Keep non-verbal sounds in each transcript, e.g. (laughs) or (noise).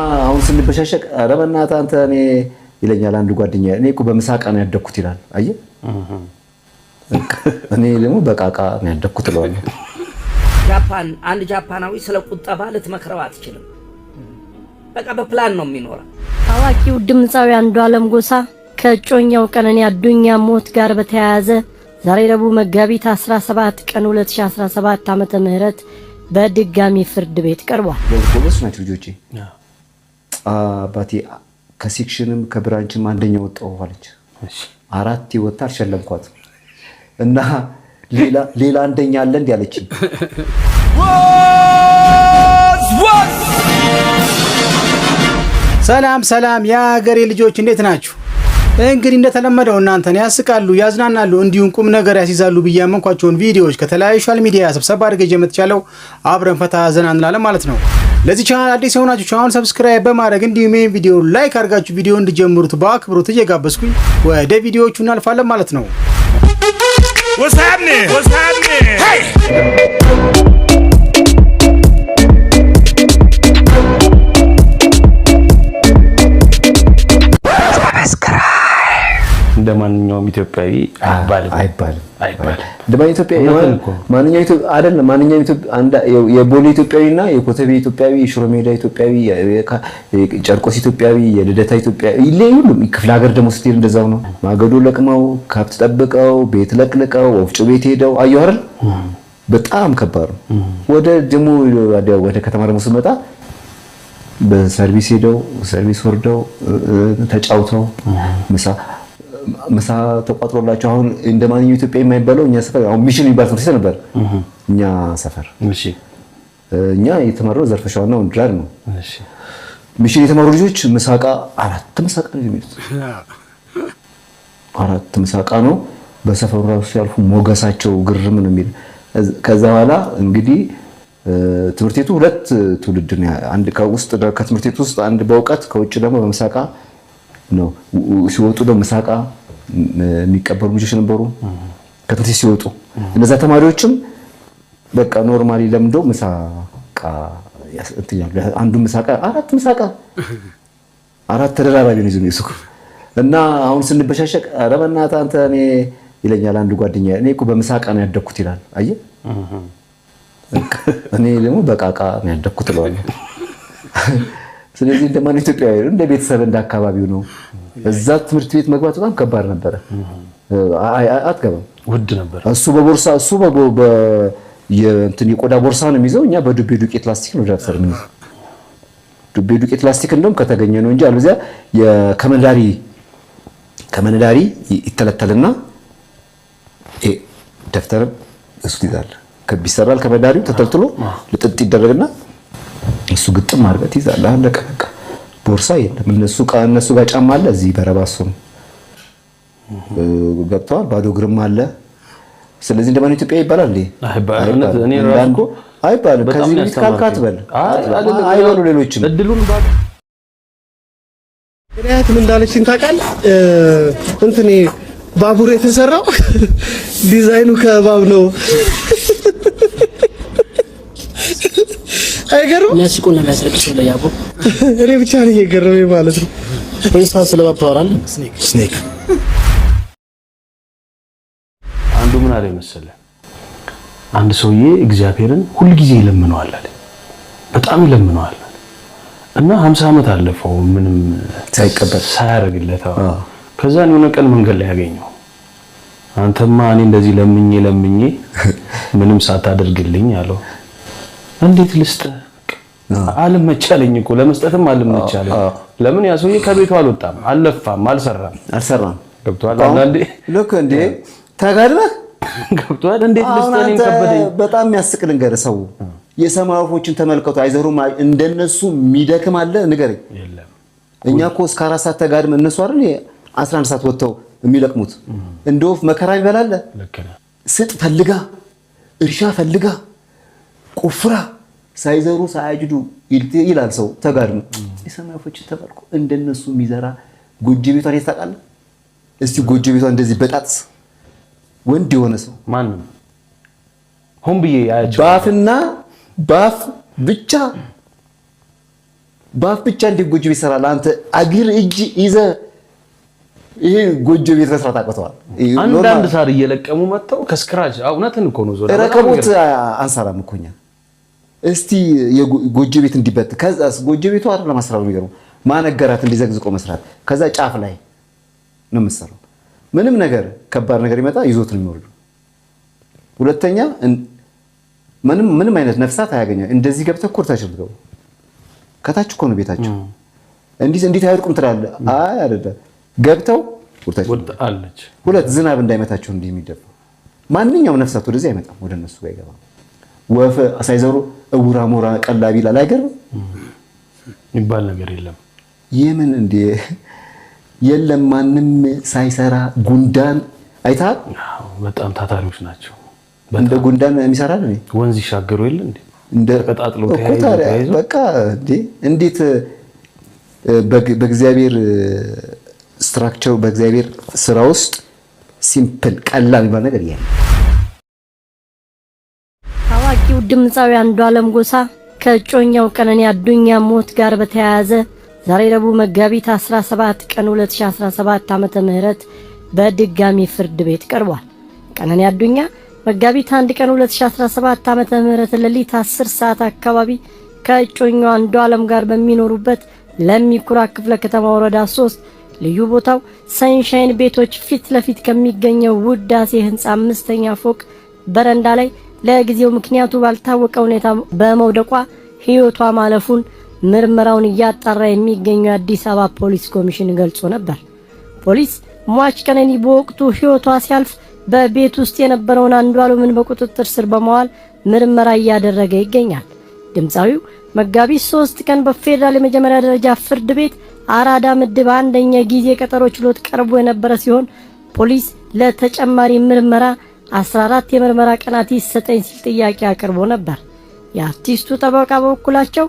አሁን ስንበሻሸቅ ኧረ በእናትህ አንተ እኔ ይለኛል አንድ ጓደኛ። እኔ እኮ በምሳቃ ነው ያደግኩት ይላል። አየህ እኔ ደግሞ በቃቃ ነው ያደግኩት እለዋለሁ። ጃፓን አንድ ጃፓናዊ ስለ ቁጠባ ልትመክረው አትችልም። በቃ በፕላን ነው የሚኖረው። ታዋቂው ድምፃዊ አንዱዓለም ጎሳ ከእጮኛው ቀነኒ አዱኛ ሞት ጋር በተያያዘ ዛሬ ረቡዕ መጋቢት 17 ቀን 2017 ዓ.ም በድጋሚ ፍርድ ቤት ቀርቧል። ጎበዝ ናቸው ልጆቼ አባቴ ከሴክሽንም ከብራንችም አንደኛ ወጣሁ አለች። አራት ወጣ አልሸለምኳት እና ሌላ አንደኛ አለ እንዲ አለች። ሰላም ሰላም፣ የሀገሬ ልጆች እንዴት ናችሁ? እንግዲህ እንደተለመደው እናንተን ያስቃሉ፣ ያዝናናሉ፣ እንዲሁም ቁም ነገር ያስይዛሉ ብዬ ያመንኳቸውን ቪዲዮዎች ከተለያዩ ሶሻል ሚዲያ ስብሰባ አድርገ መጥቻለሁ። አብረን ፈታ ዘና እንላለን ማለት ነው። ለዚህ ቻናል አዲስ የሆናችሁ ቻናል ሰብስክራይብ በማድረግ እንዲሁም ይህን ቪዲዮ ላይክ አድርጋችሁ ቪዲዮ እንድጀምሩት በአክብሮት እየጋበዝኩኝ ወደ ቪዲዮዎቹ እናልፋለን ማለት ነው። እንደ ማንኛውም ኢትዮጵያዊ አይባልም አይባልም እንደ ማንኛውም ኢትዮጵያዊ ማንኛውም ኢትዮጵያዊ የቦሌ ኢትዮጵያዊና የኮተቤ ኢትዮጵያዊ፣ የሽሮ ሜዳ ኢትዮጵያዊ፣ ጨርቆስ ኢትዮጵያዊ፣ የልደታ ኢትዮጵያዊ ይለያዩ። ሁሉም ክፍለ ሀገር ደግሞ ስትሄድ እንደዛው ነው። ማገዶ ለቅመው፣ ከብት ጠብቀው፣ ቤት ለቅልቀው፣ ወፍጮ ቤት ሄደው አየሁ አይደል? በጣም ከባድ ነው። ወደ ደግሞ ወደ ከተማ ደግሞ ስትመጣ በሰርቪስ ሄደው ሰርቪስ ወርደው ተጫውተው ምሳ ምሳ ተቋጥሮላቸው አሁን እንደ ማንኛውም ኢትዮጵያ የማይባለው እኛ ሰፈር አሁን ሚሽን የሚባል ትምህርት ቤት ነበር እኛ ሰፈር። እኛ የተማርነው ዘርፈሻዋና ወንድላድ ነው። ሚሽን የተማሩ ልጆች ምሳቃ አራት ምሳቃ ነው የሚሉት አራት ምሳቃ ነው። በሰፈሩ ራሱ ያልፉ ሞገሳቸው ግርም ነው የሚል ከዛ በኋላ እንግዲህ ትምህርት ቤቱ ሁለት ትውልድ ነው። አንድ ከውስጥ ከትምህርት ቤቱ ውስጥ አንድ በእውቀት ከውጭ ደግሞ በምሳቃ ነው። ሲወጡ ደግሞ ሳቃ የሚቀበሉ ልጆች ነበሩ። ከትምህርት ሲወጡ እነዛ ተማሪዎችም በቃ ኖርማሊ ለምዶ ምሳቃ ያስጥኛሉ። አንዱ ምሳቃ አራት ምሳቃ አራት ተደራራቢ ነው ይዘው እኮ እና አሁን ስንበሻሸቅ ኧረ በእናትህ አንተ እኔ ይለኛል አንዱ ጓደኛ እኔ እኮ በምሳቃ ነው ያደግኩት ይላል። አየህ እኔ ደግሞ በቃቃ ነው ያደግኩት እለዋለሁ። ስለዚህ እንደ እንደማን ኢትዮጵያዊ እንደ ቤተሰብ እንደ አካባቢው ነው። እዛ ትምህርት ቤት መግባት በጣም ከባድ ነበረ። አትገባም፣ ውድ ነበር። እሱ በቦርሳ እሱ የእንትን የቆዳ ቦርሳ ነው የሚይዘው፣ እኛ በዱቤ ዱቄት ላስቲክ ነው ደብተር ነው። ዱቤ ዱቄት ላስቲክ እንደውም ከተገኘ ነው እንጂ አለዚያ የከመንዳሪ ከመንዳሪ ይተለተልና ደብተርም እሱ ይዛል። ከቢሰራል ይሰራል ከመንዳሪው ተተልትሎ ልጥጥ ይደረግና እሱ ግጥም አድርገህ ትይዛለህ። አለቀ በቃ። ቦርሳ የለም። እነሱ እነሱ ጋር ጫማ አለ፣ እዚህ በረባሶ ነው ገብተዋል። ባዶ እግርም አለ። ስለዚህ እንደማን ኢትዮጵያ ይባላል አይባልም። ከዚህ ቤት ካልካት በል አይበሉ ሌሎችም እድሉን ምክንያት ምን እንዳለችን ታውቃለህ? እንትኔ ባቡር የተሰራው (laughs) ዲዛይኑ ከባብ ነው አይገርም? የሚያስቁን ነው የሚያስለቅስ ነው ያዕቆብ። እኔ ብቻ ነኝ የገረመኝ ማለት ነው። ፕሪንሳስ ስለባባራል ስኔክ ስኔክ አንዱ ምን አለ መሰለህ፣ አንድ ሰውዬ እግዚአብሔርን ሁልጊዜ ይለምነዋል አለ። በጣም ይለምነዋል እና 50 ዓመት አለፈው ምንም ሳይቀበል ሳያደርግለት። ከዛ የሆነ ቀን መንገድ ላይ ያገኘው አንተማ እኔ እንደዚህ ለምኜ ለምኜ ምንም ሳታደርግልኝ አለው እንዴት ልስጥ አልመቻለኝ እኮ ለመስጠትም አልመቻለኝ። ለምን ያ ሰውዬ ከቤቱ አልወጣም፣ አልለፋም፣ አልሰራም አልሰራም። ገብቷል። አንዳንዴ ልክ እንዴ ተጋድመህ ገብቷል። እንዴት ልስጥ እኔን በጣም የሚያስቅ ልንገርህ፣ ሰው የሰማይ ወፎችን ተመልከቱ፣ አይዘሩም። እንደነሱ የሚደክም አለ ንገረኝ። እኛ እኮ እስከ አራት ሰዓት ተጋድመህ እነሱ አይደል 11 ሰዓት ወጥተው የሚለቅሙት። እንደ ወፍ መከራ ይበላል። ስጥ ፈልጋ፣ እርሻ ፈልጋ፣ ቁፍራ ሳይዘሩ ሳያጅዱ ይላል ሰው ተጋድሞ የሰማይ ወፎችን ተባልኩ እንደነሱ የሚዘራ ጎጆ ቤቷን የታውቃለህ? እስቲ ጎጆ ቤቷ እንደዚህ በጣጥስ ወንድ የሆነ ሰው ማን ሆን ብዬ ባፍና ባፍ ብቻ ባፍ ብቻ እንዴት ጎጆ ቤት ይሰራል? አንተ አግር እጅ ይዘ ይሄ ጎጆ ቤት መስራት አቅተዋል። አንዳንድ ሳር እየለቀሙ መጥተው ከስክራጅ እውነትን እኮ ነው። ረከቦት አንሰራም እኮ እስቲ ጎጆ ቤት እንዲበት ከዛስ ጎጆ ቤቱ አቶ ለማስራት ነው ማነገራት እንዲዘግዝቆ መስራት ከዛ ጫፍ ላይ ነው የምትሰራው። ምንም ነገር ከባድ ነገር ይመጣ ይዞት ነው የሚወርዱ። ሁለተኛ ምንም ምንም አይነት ነፍሳት አያገኛ። እንደዚህ ገብተህ እኮ እርታችን ልትገቡ ከታች እኮ ነው ቤታቸው። እንዲህ እንዴት አይወድቁም ትላለህ? አይ አይደለ ገብተው ሁለት ዝናብ እንዳይመታቸው እንዲህ የሚደፋ ማንኛውም ነፍሳት ወደዚህ አይመጣም፣ ወደ እነሱ ጋር ይገባል። ወፍ ሳይዘሩ እውራ ሞራ ቀላቢ ይላል። አይገርም? የሚባል ነገር የለም። የምን እንደ የለም ማንም ሳይሰራ ጉንዳን አይተሃል? በጣም ታታሪዎች ናቸው። እንደ ጉንዳን የሚሰራ ነው። ወንዝ ይሻገሩ የለ እንደ ተቀጣጥሎ ተያይዞ በቃ እንዴት በእግዚአብሔር ስትራክቸር በእግዚአብሔር ስራ ውስጥ ሲምፕል ቀላል የሚባል ነገር የለም። ድምፃዊ አንዷለም ጎሳ ከእጮኛው ቀነኒ አዱኛ ሞት ጋር በተያያዘ ዛሬ ረቡዕ መጋቢት 17 ቀን 2017 ዓመተ ምህረት በድጋሚ ፍርድ ቤት ቀርቧል። ቀነኒ አዱኛ መጋቢት 1 ቀን 2017 ዓመተ ምህረት ሌሊት 10 ሰዓት አካባቢ ከእጮኛው ዓለም ጋር በሚኖሩበት ለሚኩራ ክፍለ ከተማ ወረዳ 3 ልዩ ቦታው ሰንሻይን ቤቶች ፊት ለፊት ከሚገኘው ውዳሴ ህንፃ አምስተኛ ፎቅ በረንዳ ላይ ለጊዜው ምክንያቱ ባልታወቀ ሁኔታ በመውደቋ ሕይወቷ ማለፉን ምርመራውን እያጣራ የሚገኘው የአዲስ አበባ ፖሊስ ኮሚሽን ገልጾ ነበር። ፖሊስ ሟች ቀነኒ በወቅቱ ሕይወቷ ሲያልፍ በቤት ውስጥ የነበረውን አንዷለምን በቁጥጥር ስር በመዋል ምርመራ እያደረገ ይገኛል። ድምፃዊው መጋቢት ሶስት ቀን በፌዴራል የመጀመሪያ ደረጃ ፍርድ ቤት አራዳ ምድብ አንደኛ ጊዜ ቀጠሮ ችሎት ቀርቦ የነበረ ሲሆን ፖሊስ ለተጨማሪ ምርመራ 14 የምርመራ ቀናት ይሰጠኝ ሲል ጥያቄ አቅርቦ ነበር። የአርቲስቱ ጠበቃ በበኩላቸው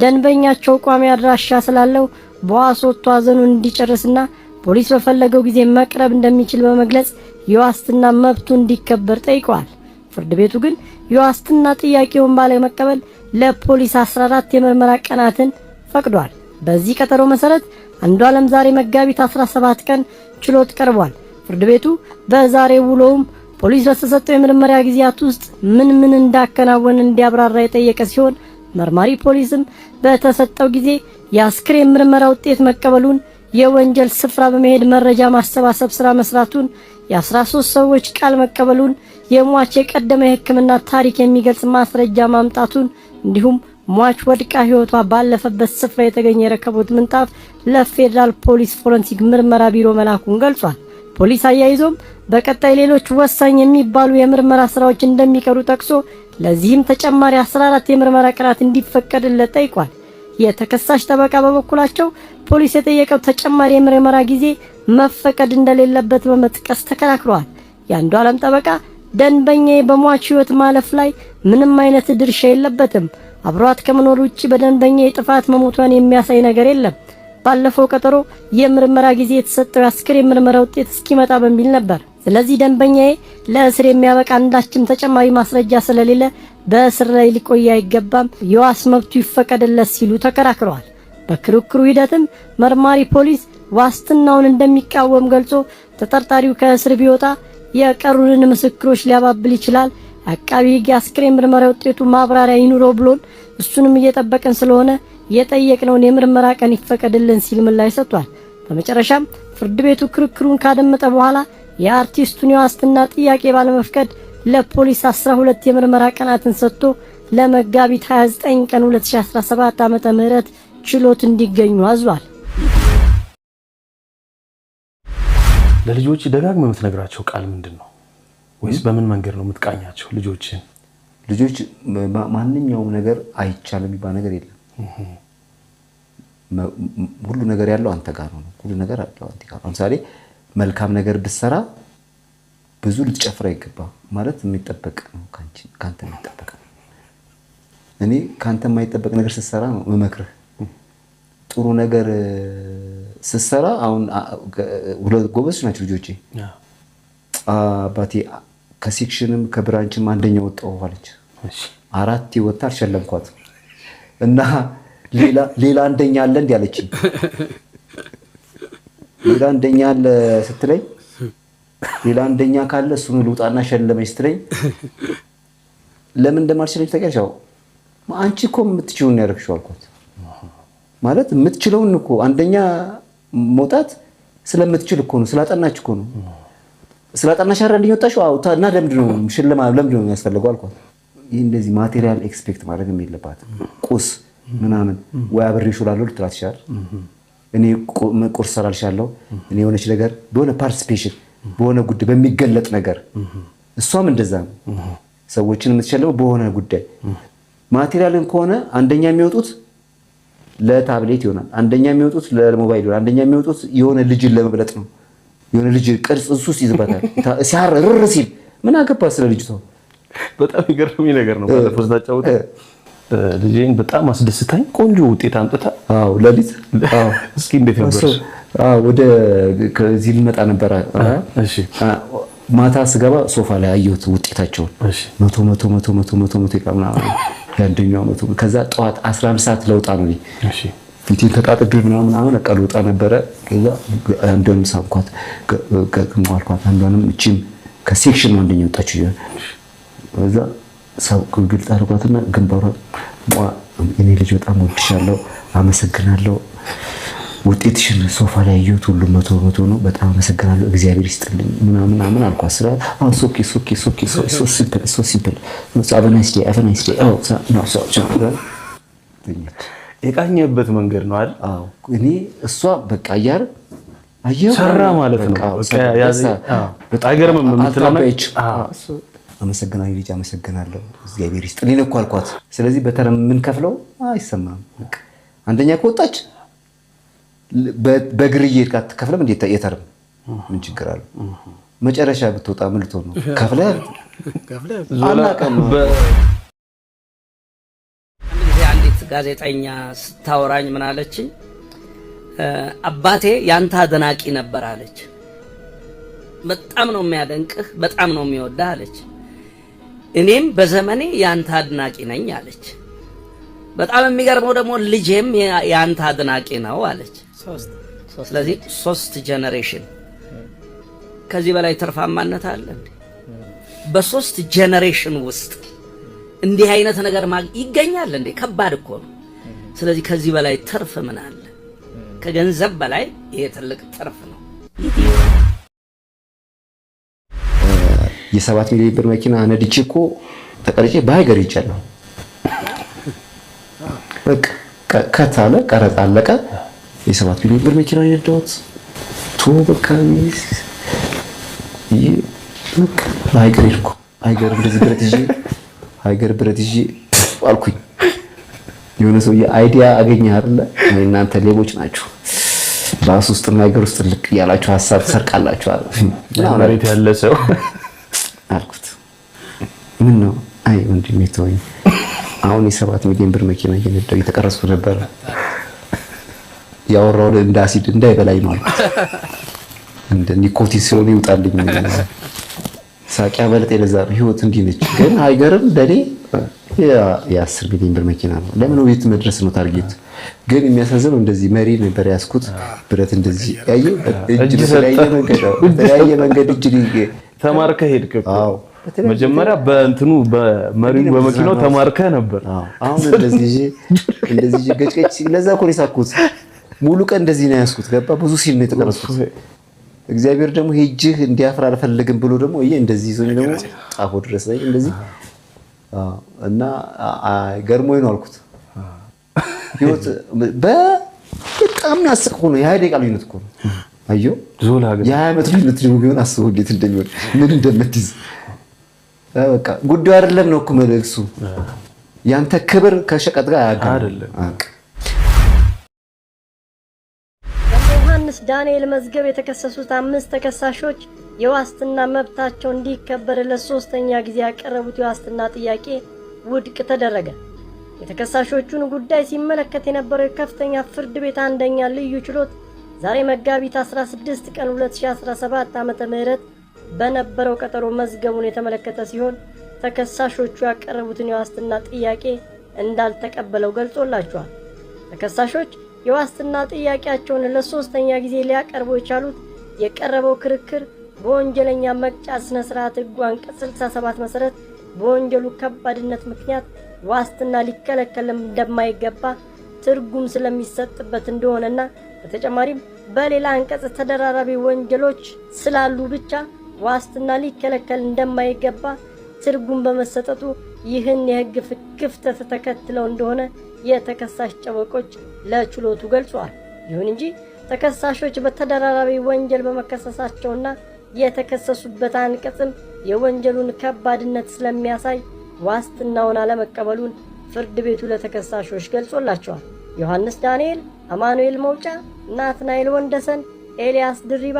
ደንበኛቸው ቋሚ አድራሻ ስላለው በዋስ ወጥቶ ሐዘኑን እንዲጨርስና ፖሊስ በፈለገው ጊዜ መቅረብ እንደሚችል በመግለጽ የዋስትና መብቱ እንዲከበር ጠይቀዋል። ፍርድ ቤቱ ግን የዋስትና ጥያቄውን ባለመቀበል ለፖሊስ 14 የምርመራ ቀናትን ፈቅዷል። በዚህ ቀጠሮ መሰረት አንዷለም ዛሬ መጋቢት 17 ቀን ችሎት ቀርቧል። ፍርድ ቤቱ በዛሬ ውሎውም ፖሊስ በተሰጠው የምርመራ ጊዜያት ውስጥ ምን ምን እንዳከናወን እንዲያብራራ የጠየቀ ሲሆን መርማሪ ፖሊስም በተሰጠው ጊዜ የአስክሬን ምርመራ ውጤት መቀበሉን፣ የወንጀል ስፍራ በመሄድ መረጃ ማሰባሰብ ስራ መስራቱን፣ የ13 ሰዎች ቃል መቀበሉን፣ የሟች የቀደመ የሕክምና ታሪክ የሚገልጽ ማስረጃ ማምጣቱን እንዲሁም ሟች ወድቃ ህይወቷ ባለፈበት ስፍራ የተገኘ የረከቡት ምንጣፍ ለፌዴራል ፖሊስ ፎረንሲክ ምርመራ ቢሮ መላኩን ገልጿል። ፖሊስ አያይዞም በቀጣይ ሌሎች ወሳኝ የሚባሉ የምርመራ ስራዎች እንደሚቀሩ ጠቅሶ ለዚህም ተጨማሪ 14 የምርመራ ቀናት እንዲፈቀድለት ጠይቋል። የተከሳሽ ጠበቃ በበኩላቸው ፖሊስ የጠየቀው ተጨማሪ የምርመራ ጊዜ መፈቀድ እንደሌለበት በመጥቀስ ተከራክሯል። የአንዱ ዓለም ጠበቃ ደንበኛዬ በሟች ህይወት ማለፍ ላይ ምንም አይነት ድርሻ የለበትም፣ አብሯት ከመኖር ውጪ በደንበኛዬ ጥፋት መሞቷን የሚያሳይ ነገር የለም ባለፈው ቀጠሮ የምርመራ ጊዜ የተሰጠው የአስክሬን ምርመራ ውጤት እስኪመጣ በሚል ነበር። ስለዚህ ደንበኛዬ ለእስር የሚያበቃ አንዳችም ተጨማሪ ማስረጃ ስለሌለ በእስር ላይ ሊቆይ አይገባም፣ የዋስ መብቱ ይፈቀድለት ሲሉ ተከራክረዋል። በክርክሩ ሂደትም መርማሪ ፖሊስ ዋስትናውን እንደሚቃወም ገልጾ ተጠርጣሪው ከእስር ቢወጣ የቀሩንን ምስክሮች ሊያባብል ይችላል። አቃቢ ሕግ የአስክሬን ምርመራ ውጤቱ ማብራሪያ ይኑረው ብሎን እሱንም እየጠበቅን ስለሆነ የጠየቅነውን የምርመራ ቀን ይፈቀድልን ሲል ምላሽ ሰጥቷል። በመጨረሻም ፍርድ ቤቱ ክርክሩን ካደመጠ በኋላ የአርቲስቱን የዋስትና ጥያቄ ባለመፍቀድ ለፖሊስ 12 የምርመራ ቀናትን ሰጥቶ ለመጋቢት 29 ቀን 2017 ዓመተ ምህረት ችሎት እንዲገኙ አዟል። ለልጆች ደጋግመህ የምትነግራቸው ቃል ምንድን ነው? ወይስ በምን መንገድ ነው የምትቃኛቸው ልጆችን? ልጆች ማንኛውም ነገር አይቻልም የሚባል ነገር የለም ሁሉ ነገር ያለው አንተ ጋር ነው። ሁሉ ነገር ያለው አንተ ጋር ነው። ለምሳሌ መልካም ነገር ብትሰራ ብዙ ልትጨፍር አይገባ ማለት የሚጠበቅ ነው፣ ከአንተ የሚጠበቅ ነው። እኔ ከአንተ የማይጠበቅ ነገር ስትሰራ ነው መመክርህ። ጥሩ ነገር ስትሰራ አሁን ሁለት ጎበዝ ናቸው ልጆቼ። አባቴ ከሴክሽንም ከብራንችም አንደኛ ወጣሁ አለች። አራት ወጥታ አልሸለምኳትም እና ሌላ አንደኛ አለ እንዲ ያለችኝ ሌላ አንደኛ አለ ስትለኝ ሌላ አንደኛ ካለ እሱን ልውጣና ሸለመኝ ስትለኝ ለምን እንደማልችለኝ ታውቂያለሽ? አንቺ እኮ የምትችይውን ነው ያደረግሽው አልኳት። ማለት የምትችለውን እኮ አንደኛ መውጣት ስለምትችል እኮ ነው፣ ስላጠናች እኮ ነው። ስላጠናሽ አንደኛ ወጣሽ እና ለምንድን ነው ሽልማ ለምንድን ነው የሚያስፈልገው አልኳት። ይህ እንደዚህ ማቴሪያል ኤክስፔክት ማድረግ የሚልባት ቁስ ምናምን ወይ አብሬሽ እውላለሁ ልትላት ይችላል። እኔ ቁርስ ሰራልሻለሁ፣ እኔ የሆነች ነገር በሆነ ፓርቲስፔሽን በሆነ ጉዳይ በሚገለጥ ነገር እሷም እንደዛ ነው። ሰዎችን የምትሸልመው በሆነ ጉዳይ ማቴሪያልን ከሆነ አንደኛ የሚወጡት ለታብሌት ይሆናል፣ አንደኛ የሚወጡት ለሞባይል ይሆናል፣ አንደኛ የሚወጡት የሆነ ልጅን ለመብለጥ ነው። የሆነ ልጅ ቅርጽ እሱ ውስጥ ይዝበታል ሲያር ርር ሲል ምን አገባ ስለ ልጅቷ በጣም የገረመኝ ነገር ነው። ባለፈው ስታጫወት ልጄን በጣም አስደስታኝ ቆንጆ ውጤት አምጥታ። አዎ ለሊት እስኪ እንዴት ነበር? ወደ ከዚህ ልመጣ እሺ ማታ ስገባ ሶፋ ላይ አየሁት ውጤታቸውን መቶ መቶ መቶ መቶ መቶ መቶ ይቃምና የአንደኛው መቶ ከዛ ጠዋት 11 ሰዓት ለውጣ ነው ፊቴን ተጣጥቤ ምናምን አሁን ቀል ውጣ ነበረ። ከዛ አንዷንም ሳምኳት፣ ገግሞ አልኳት። አንዷንም እቺም ከሴክሽን ነው አንደኛ በዛ ሰው ግልጥ አድርጓትና ግንባሯን እኔ ልጅ በጣም ወድሻለሁ፣ አመሰግናለሁ። ውጤትሽን ሶፋ ላይ ያየሁት ሁሉ መቶ መቶ ነው። በጣም አመሰግናለሁ፣ እግዚአብሔር ይስጥልኝ ምናምን ምናምን አልኳ ስራ ሶኬ ሶኬ ሶኬ ሶ ሲምፕል አበናይስ ዴይ አበናይስ ዴይ የቃኘበት መንገድ ነው አይደል? እኔ እሷ በቃ እያር ሰራ ማለት ነው። በቃ አይገርምም የምትለው አመሰግናለሁ ልጅ አመሰግናለሁ፣ እግዚአብሔር ይስጥልኝ እኮ አልኳት። ስለዚህ በተረም የምንከፍለው አይሰማም። አንደኛ ከወጣች በግርዬ አትከፍለም እንዴ? የተርም ምን ችግር አለ? መጨረሻ ብትወጣ ምን ልትሆን ነው? ከፍለህ አንዲት ጋዜጠኛ ስታወራኝ ምን አለችኝ? አባቴ ያንተ አድናቂ ነበር አለች። በጣም ነው የሚያደንቅህ፣ በጣም ነው የሚወዳህ አለች። እኔም በዘመኔ ያንተ አድናቂ ነኝ አለች። በጣም የሚገርመው ደግሞ ልጄም ያንተ አድናቂ ነው አለች። ስለዚህ ሶስት ጀነሬሽን ከዚህ በላይ ትርፋማነት አለ? በሶስት ጀነሬሽን ውስጥ እንዲህ አይነት ነገር ይገኛል እንዴ? ከባድ እኮ ነው። ስለዚህ ከዚህ በላይ ትርፍ ምን አለ? ከገንዘብ በላይ ይሄ ትልቅ ትርፍ ነው። የሰባት ሚሊዮን ብር መኪና ነድቼ እኮ ተቀርጬ በሀገር ይቻለሁ። በቃ ከታለ ቀረጥ አለቀ። የሰባት ሚሊዮን ብር መኪና የነዳሁት ቶ በቃ ይሄ በቃ በሀገር ይልኩ ሀገር እንደዚህ ብረት ይዤ ሀገር ብረት ይዤ አልኩኝ። የሆነ ሰውዬ አይዲያ አገኘ አይደለ? እናንተ ሌቦች ናችሁ ባስ ውስጥ ሀገር ውስጥ ልክ እያላችሁ ሀሳብ ትሰርቃላችሁ። አሁን ያለ ሰው አልኩት። ምን ነው? አይ ወንድሜ ተወኝ፣ አሁን የሰባት ሚሊዮን ብር መኪና እየነዳሁ እየተቀረጽኩ ነበረ ያወራው እንደ አሲድ እንዳይበላኝ ነው እንደ ኒኮቲን ሲሆን ይውጣልኝ። ሳቂ የለዛ ነው። ህይወት እንዲህ ነች። ግን አይገርም ለኔ የአስር ሚሊዮን ብር መኪና ነው። ለምን ቤት መድረስ ነው ታርጌት ግን የሚያሳዝነው እንደዚህ መሪ ነበር ያስኩት ብረት እንደዚህ ያየ በተለያየ መንገድ እጅ ተማርከ ሄድክ። መጀመሪያ በእንትኑ በመሪ በመኪናው ተማርከ ነበር። አሁን እንደዚህ እንደዚህ ገጭገጭ ለዛ እኮ ነው የሳኩት። ሙሉ ቀን እንደዚህ ነው ያስኩት። ገባ ብዙ ሲል ነው የተቀረጽኩት። እግዚአብሔር ደግሞ ሄጅህ እንዲያፍር አልፈልግም ብሎ ደግሞ ይሄ እንደዚህ ይዞኝ ደግሞ ጣፎ ድረስ ላይ እንደዚህ እና ገርሞኝ ነው አልኩት ህይወት በጣም ሆኖ ልዩነት እኮ ነው። የሀያ ዓመት ልዩነት ደግሞ ቢሆን አስበው እንዴት እንደሚሆን ምን እንደምትይዝ በቃ ጉዳዩ አይደለም ነው እኮ ያንተ ክብር ከሸቀጥ ጋር አያገናኝም። ዮሐንስ ዳንኤል መዝገብ የተከሰሱት አምስት ተከሳሾች የዋስትና መብታቸው እንዲከበር ለሶስተኛ ጊዜ ያቀረቡት የዋስትና ጥያቄ ውድቅ ተደረገ። የተከሳሾቹን ጉዳይ ሲመለከት የነበረው የከፍተኛ ፍርድ ቤት አንደኛ ልዩ ችሎት ዛሬ መጋቢት 16 ቀን 2017 ዓመተ ምህረት በነበረው ቀጠሮ መዝገቡን የተመለከተ ሲሆን ተከሳሾቹ ያቀረቡትን የዋስትና ጥያቄ እንዳልተቀበለው ገልጾላቸዋል። ተከሳሾች የዋስትና ጥያቄያቸውን ለሶስተኛ ጊዜ ሊያቀርቡ የቻሉት የቀረበው ክርክር በወንጀለኛ መቅጫ ስነ ስርዓት ሕጉ አንቀጽ 67 መሰረት በወንጀሉ ከባድነት ምክንያት ዋስትና ሊከለከል እንደማይገባ ትርጉም ስለሚሰጥበት እንደሆነና በተጨማሪም በሌላ አንቀጽ ተደራራቢ ወንጀሎች ስላሉ ብቻ ዋስትና ሊከለከል እንደማይገባ ትርጉም በመሰጠቱ ይህን የሕግ ክፍተት ተከትለው እንደሆነ የተከሳሽ ጠበቆች ለችሎቱ ገልጸዋል። ይሁን እንጂ ተከሳሾች በተደራራቢ ወንጀል በመከሰሳቸውና የተከሰሱበት አንቀጽም የወንጀሉን ከባድነት ስለሚያሳይ ዋስትናውን አለመቀበሉን ፍርድ ቤቱ ለተከሳሾች ገልጾላቸዋል። ዮሐንስ ዳንኤል፣ አማኑኤል መውጫ፣ ናትናኤል ወንደሰን፣ ኤልያስ ድሪባ፣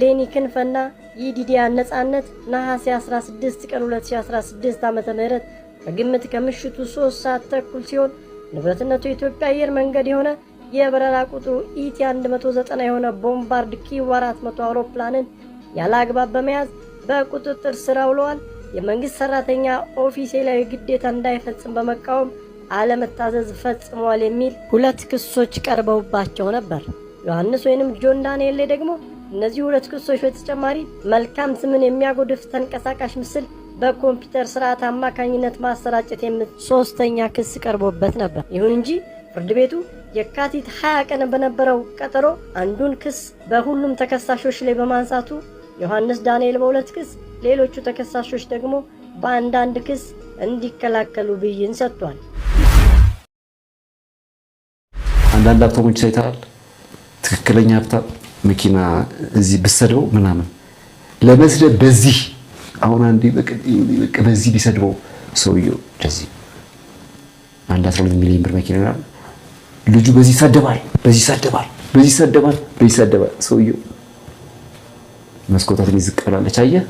ሌኒ ክንፈና ይዲዲያ ነጻነት ነሐሴ 16 ቀን 2016 ዓ.ም በግምት ከምሽቱ 3 ሰዓት ተኩል ሲሆን ንብረትነቱ የኢትዮጵያ አየር መንገድ የሆነ የበረራ ቁጥሩ ኢቲ 190 የሆነ ቦምባርድ ኪው 400 አውሮፕላንን ያለ አግባብ በመያዝ በቁጥጥር ስር አውለዋል። የመንግስት ሰራተኛ ኦፊሴላዊ ግዴታ እንዳይፈጽም በመቃወም አለመታዘዝ ፈጽሟል የሚል ሁለት ክሶች ቀርበውባቸው ነበር። ዮሐንስ ወይንም ጆን ዳንኤሌ ደግሞ እነዚህ ሁለት ክሶች በተጨማሪ መልካም ስምን የሚያጎድፍ ተንቀሳቃሽ ምስል በኮምፒውተር ስርዓት አማካኝነት ማሰራጨት የምት ሶስተኛ ክስ ቀርቦበት ነበር። ይሁን እንጂ ፍርድ ቤቱ የካቲት 20 ቀን በነበረው ቀጠሮ አንዱን ክስ በሁሉም ተከሳሾች ላይ በማንሳቱ ዮሐንስ ዳንኤል በሁለት ክስ ሌሎቹ ተከሳሾች ደግሞ በአንዳንድ ክስ እንዲከላከሉ ብይን ሰጥቷል። አንዳንድ ሀብታሞች ሳይታል ትክክለኛ ሀብታም መኪና እዚህ ብሰደው ምናምን ለመስደብ በዚህ አሁን አንድ በዚህ ቢሰድበው ሰውየው እንደዚህ አንድ 12 ሚሊዮን ብር መኪና ልጁ በዚህ ይሳደባል፣ በዚህ ይሳደባል፣ በዚህ ይሳደባል፣ በዚህ ይሳደባል ሰውየው መስኮታት ላይ ዝቅ ብላለች። አየህ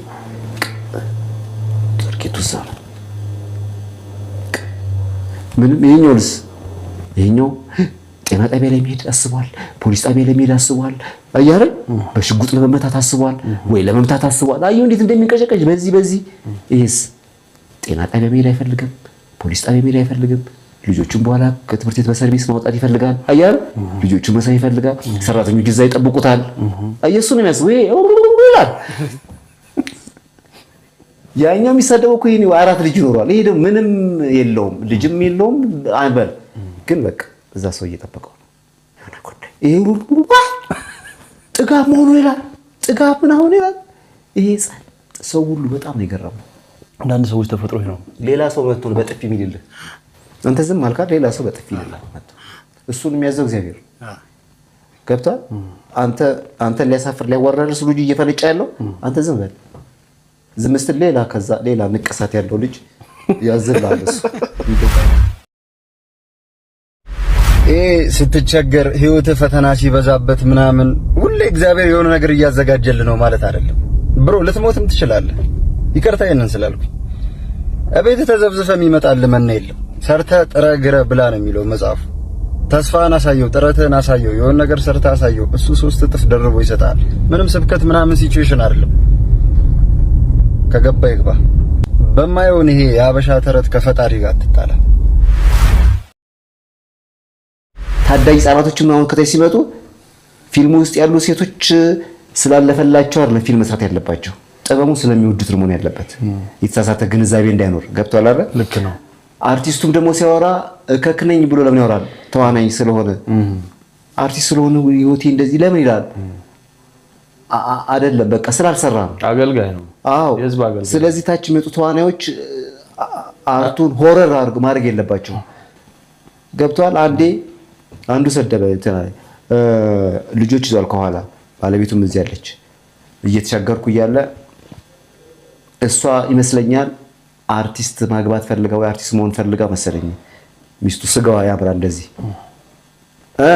ጨርቄቱ እዛ ነው። ምንም ይሄኛውንስ ይሄኛው ጤና ጣቢያ ላይ መሄድ አስቧል። ፖሊስ ጣቢያ ላይ መሄድ አስቧል። አያረ በሽጉጥ ለመመታት አስቧል ወይ ለመምታት አስቧል። አየሁ እንዴት እንደሚንቀጨቀጭ በዚህ በዚህ ይሄስ ጤና ጣቢያ መሄድ አይፈልግም። ፖሊስ ጣቢያ መሄድ አይፈልግም። ልጆቹን በኋላ ከትምህርት ቤት በሰርቪስ ማውጣት ይፈልጋል። አያረ ልጆቹን መሳብ ይፈልጋል። ሰራተኞች እዛ ይጠብቁታል። እየሱ ነው የሚያስበው ይላል። ያኛው የሚሳደበው እኮ ይሄ አራት ልጅ ይኖረዋል። ይሄ ደግሞ ምንም የለውም ልጅም የለውም አንበል። ግን በቃ እዛ ሰው እየጠበቀው ነው። ይሄ ጥጋብ መሆኑ ይላል ጥጋብ ምናምን ይላል። ይሄ ሰው ሁሉ በጣም ነው የገረመው። አንዳንድ ሰዎች ተፈጥሮ ነው። ሌላ ሰው መጥቶ በጥፊ የሚልልህ አንተ ዝም አልካት። ሌላ ሰው በጥፊ ይልልህ እሱን የሚያዘው እግዚአብሔር ገብቷል። አንተ አንተን ሊያሳፍር ሊያዋረርስ ልጁ እየፈነጫ ያለው አንተ ዝም በል። ዝም ስትል ሌላ ከዛ ሌላ ንቅሳት ያለው ልጅ ያዝላል። ይሄ ስትቸገር ህይወት ፈተና ሲበዛበት ምናምን ሁሌ እግዚአብሔር የሆነ ነገር እያዘጋጀልህ ነው ማለት አይደለም። ብሮ ልትሞትም ትችላለህ። ይቅርታ ይሄንን ስላልኩ እቤት ተዘብዝፈ የሚመጣ ልመና የለም። ሰርተ ጥረ ግረ ብላ ነው የሚለው መጽሐፉ። ተስፋን አሳየው፣ ጥረትህን አሳየው፣ የሆነ ነገር ሰርተህ አሳየው። እሱ ሶስት እጥፍ ደርቦ ይሰጣል። ምንም ስብከት ምናምን ሲቹዌሽን አይደለም። ከገባ ይግባ። በማየውን ይሄ የአበሻ ተረት ከፈጣሪ ጋር ትጣላ። ታዳጊ ህጻናቶችም አሁን ከታች ሲመጡ ፊልሙ ውስጥ ያሉ ሴቶች ስላለፈላቸው አይደለም ፊልም መስራት ያለባቸው ጥበቡ ስለሚወዱት መሆን ያለበት የተሳሳተ ግንዛቤ እንዳይኖር ገብቷል አይደል? ልክ ነው። አርቲስቱም ደግሞ ሲያወራ ከክነኝ ብሎ ለምን ያወራል? ተዋናኝ ስለሆነ አርቲስት ስለሆነ ህይወቴ እንደዚህ ለምን ይላል? አይደለም በቃ ስላልሰራ ነው። አገልጋይ ነው። አዎ። ስለዚህ ታች የሚመጡ ተዋናዮች አርቱን ሆረር አድርግ ማድረግ የለባቸው። ገብቷል። አንዴ አንዱ ሰደበ ልጆች ይዟል ከኋላ ባለቤቱም እዚህ ያለች እየተሻገርኩ እያለ እሷ ይመስለኛል አርቲስት ማግባት ፈልጋ ወይ አርቲስት መሆን ፈልጋ መሰለኝ ሚስቱ ስጋዋ ያምራል እንደዚህ እ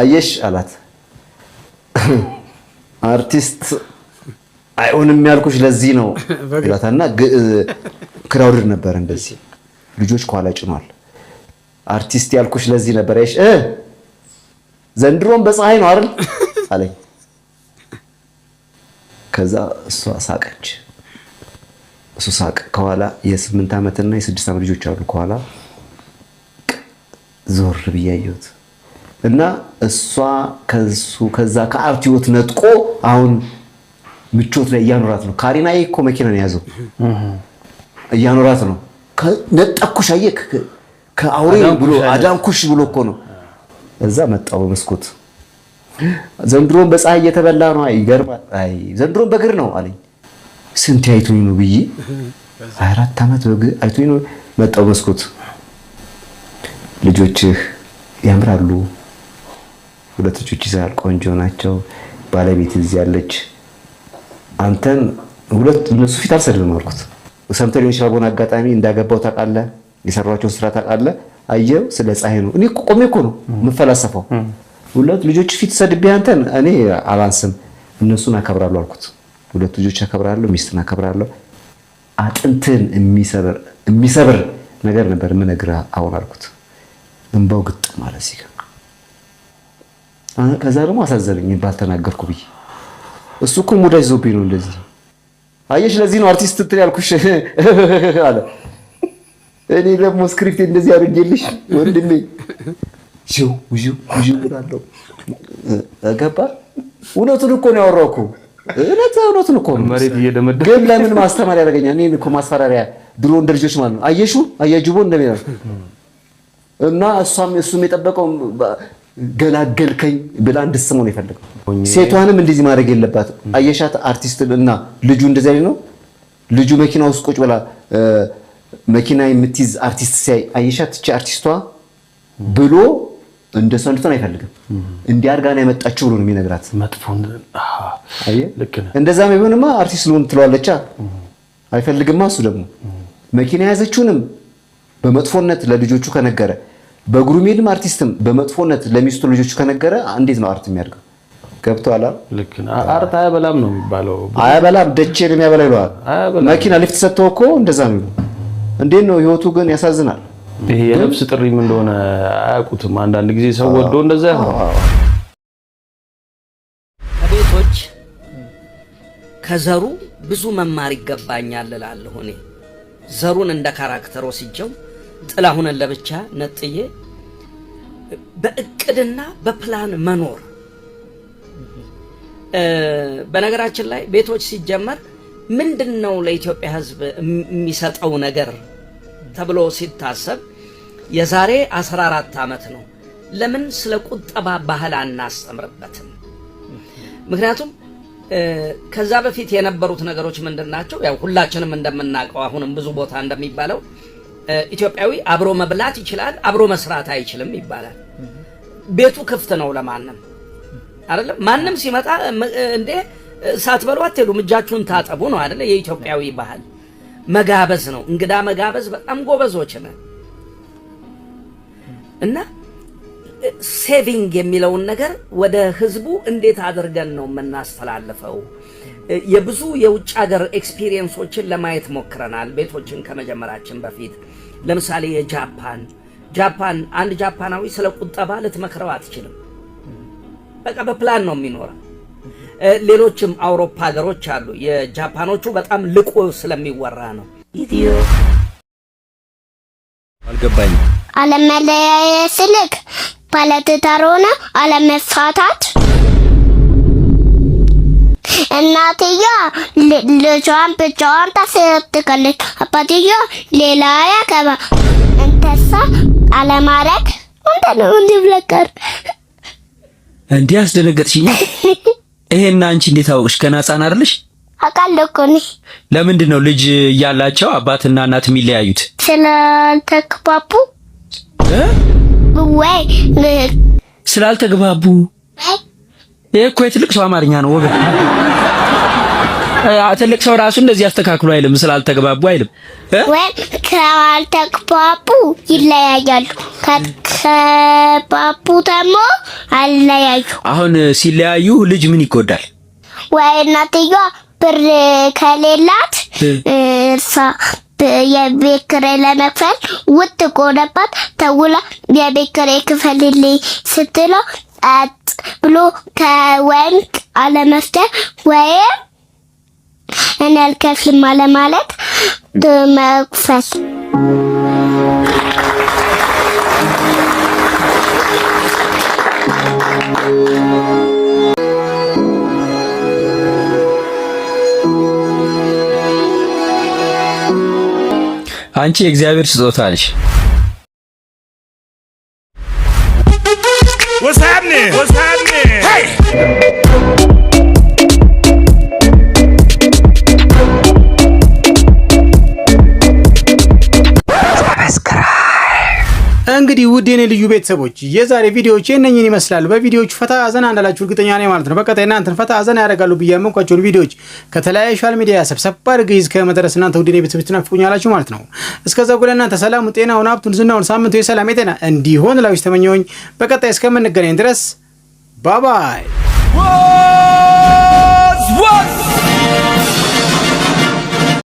አየሽ አላት። አርቲስት አይሆንም ያልኩሽ ለዚህ ነው ይላታና ክራውድድ ነበር እንደዚህ ልጆች ከኋላ ጭኗል። አርቲስት ያልኩሽ ለዚህ ነበር አይሽ እ ዘንድሮም በፀሐይ ነው አይደል አለኝ። ከዛ እሷ ሳቀች። ሱሳቅ ከኋላ የስምንት ዓመትና የስድስት ዓመት ልጆች አሉ። ከኋላ ዞር ብያየሁት እና እሷ ከሱ ከዛ ከአብት ነጥቆ አሁን ምቾት ላይ እያኖራት ነው። ካሪና እኮ መኪና ነው የያዘው እያኖራት ነው። ነጠኩሽ አየክ ከአውሬ ብሎ አዳንኩሽ ብሎ እኮ ነው። እዛ መጣው በመስኮት ዘንድሮን በፀሐይ እየተበላ ነው። ይገርማል። ዘንድሮን በእግር ነው አለኝ ስንት አይቶኝ ነው ብዬ አራት ዓመት አይቶኝ ነው መጣው በስኩት ልጆችህ ያምራሉ፣ ሁለት ልጆች ይዛል፣ ቆንጆ ናቸው፣ ባለቤት እዚህ ያለች አንተን ሁለት እነሱ ፊት አልሰድብም አልኩት። ሰምተህ ሊሆን ይችላል በሆነ አጋጣሚ እንዳገባው ታውቃለህ፣ የሰራቸውን ስራ ታውቃለህ። አየው ስለ ፀሐይ ነው እኔ ቆሜ እኮ ነው የምፈላሰፈው። ሁለት ልጆች ፊት ሰድቤ አንተን እኔ አላንስም፣ እነሱን አከብራለሁ አልኩት። ሁለት ልጆች አከብራለሁ፣ ሚስትን አከብራለሁ። አጥንትን የሚሰብር ነገር ነበር የምነግርህ አሁን አልኩት። እንባው ግጥም አለ እዚህ ጋር። ከዛ ደግሞ አሳዘነኝ ባልተናገርኩ ብዬ። እሱ እኮ ሙዳ ይዞብኝ ነው እንደዚህ አየሽ፣ ለዚህ ነው አርቲስት ትትል ያልኩሽ (laughs) አለ። እኔ ደግሞ ስክሪፕት እንደዚህ አድርጌልሽ ወንድሜ ሽው ሽው ሽው ገባ እውነቱን እኮ ነው ያወራሁ እኮ እውነት እውነቱን እኮ መሬት እየደመደ ግን ለምን ማስተማሪያ ያደረገኛ እኔ እኮ ማስፈራሪያ ድሮ እንደ ልጆች ማለት ነው። አየሹ አያጅቦ እንደሚለው እና እሷም እሱም የጠበቀው ገላገልከኝ ብላ እንድትስመው ነው የፈለገው። ሴቷንም እንደዚህ ማድረግ የለባትም። አየሻት አርቲስት እና ልጁ እንደዚህ አይነት ነው። ልጁ መኪና ውስጥ ቁጭ ብላ መኪና የምትይዝ አርቲስት ሲያይ አየሻት እቺ አርቲስቷ ብሎ እንደሷ እንድትሆን አይፈልግም። እንዲያርጋ ነው የመጣችው ብሎ ነው የሚነግራት። መጥፎን እንደዛም ቢሆንማ አርቲስት ልሆን ትለዋለቻ። አይፈልግማ። እሱ ደግሞ መኪና የያዘችውንም በመጥፎነት ለልጆቹ ከነገረ በጉሩሜድም አርቲስትም በመጥፎነት ለሚስቱ ልጆቹ ከነገረ እንዴት ነው አርት የሚያደርገው? ገብቶሃል? ልክ ነው። አርት አያበላም ነው የሚባለው። አያበላም ደቼ ነው የሚያበላ ይለዋል። መኪና ሊፍት ሰጥተው እኮ እንደዛ ነው። እንዴት ነው ህይወቱ ግን ያሳዝናል። ይሄ የነፍስ ጥሪም እንደሆነ አያውቁትም። አንዳንድ ጊዜ ሰው ወዶ እንደዛ ያሆነ ከቤቶች ከዘሩ ብዙ መማር ይገባኛል እላለሁ። እኔ ዘሩን እንደ ካራክተር ወስጄው ጥላሁንን ለብቻ ነጥዬ በእቅድና በፕላን መኖር። በነገራችን ላይ ቤቶች ሲጀመር ምንድን ነው ለኢትዮጵያ ሕዝብ የሚሰጠው ነገር ተብሎ ሲታሰብ የዛሬ 14 ዓመት ነው። ለምን ስለ ቁጠባ ባህል አናስተምርበትም? ምክንያቱም ከዛ በፊት የነበሩት ነገሮች ምንድን ናቸው? ያው ሁላችንም እንደምናውቀው አሁንም ብዙ ቦታ እንደሚባለው ኢትዮጵያዊ አብሮ መብላት ይችላል፣ አብሮ መስራት አይችልም ይባላል። ቤቱ ክፍት ነው ለማንም አይደለም። ማንም ሲመጣ እንዴ ሳትበሉ አትሄዱም፣ እጃችሁን ታጠቡ ነው አይደለ? የኢትዮጵያዊ ባህል መጋበዝ ነው። እንግዳ መጋበዝ በጣም ጎበዞች ነን እና ሴቪንግ የሚለውን ነገር ወደ ህዝቡ እንዴት አድርገን ነው የምናስተላልፈው? የብዙ የውጭ ሀገር ኤክስፒሪየንሶችን ለማየት ሞክረናል። ቤቶችን ከመጀመራችን በፊት ለምሳሌ የጃፓን ጃፓን አንድ ጃፓናዊ ስለ ቁጠባ ልትመክረው አትችልም። በቃ በፕላን ነው የሚኖረው ሌሎችም አውሮፓ ሀገሮች አሉ። የጃፓኖቹ በጣም ልቆ ስለሚወራ ነው። አልገባኝ። አለመለያየት ስልክ ባለትዳር ሆነ አለመፋታት እናትያ ልጇን ብቻዋን ታሳድጋለች። አባትያ ሌላ ያገባ እንተሳ አለማድረግ እንደ ነው እንዲብለቀር ብለቀር እንዲህ አስደነገጥሽኝ። (laughs) ይሄና አንቺ እንዴት አወቅሽ? ገና ህፃን አይደለሽ? አውቃለሁ እኮ እኔ። ለምንድን ነው ልጅ እያላቸው አባትና እናት የሚለያዩት? ስላልተግባቡ ወይ ስላልተግባቡ። ይሄ እኮ የትልቅ ሰው አማርኛ ነው ወገን ትልቅ ሰው ራሱ እንደዚህ ያስተካክሉ አይልም። ስላልተግባቡ አይልም። ወይ ካልተግባቡ ይለያያሉ። ከተግባቡ ደግሞ አለያዩ። አሁን ሲለያዩ ልጅ ምን ይጎዳል? ወይ እናትየዋ ብር ከሌላት እሷ የቤት ኪራይ ለመክፈል ውጥ ቆነባት ተውላ የቤት ኪራይ ክፈልልኝ ስትለው ብሎ ከወንቅ አለመፍጠር ወይም እኔ አልከፍልም አለ ማለት መክፈል አንቺ የእግዚአብሔር ስጦታ ነሽ። What's happening? What's happening? Hey! እንግዲህ ውድ የኔ ልዩ ቤተሰቦች የዛሬ ቪዲዮዎች የነኝን ይመስላሉ። በቪዲዮዎቹ ፈታ ዘና እንዳላችሁ እርግጠኛ ነኝ ማለት ነው። በቀጣይ እናንተን ፈታ ዘና ያደርጋሉ ብዬ ያመንኳቸውን ቪዲዮዎች ከተለያዩ ሶሻል ሚዲያ ሰብሰብ አድርጌ ከመድረስ እናንተ ውድ የኔ ቤተሰቦች ትናፍቁኛላችሁ ማለት ነው። እስከዛ ጉለ እናንተ ሰላሙ፣ ጤናውን፣ ሀብቱን፣ ዝናውን ሳምንቱ የሰላም የጤና እንዲሆን ላዊች ተመኘውኝ። በቀጣይ እስከምንገናኝ ድረስ ባባይ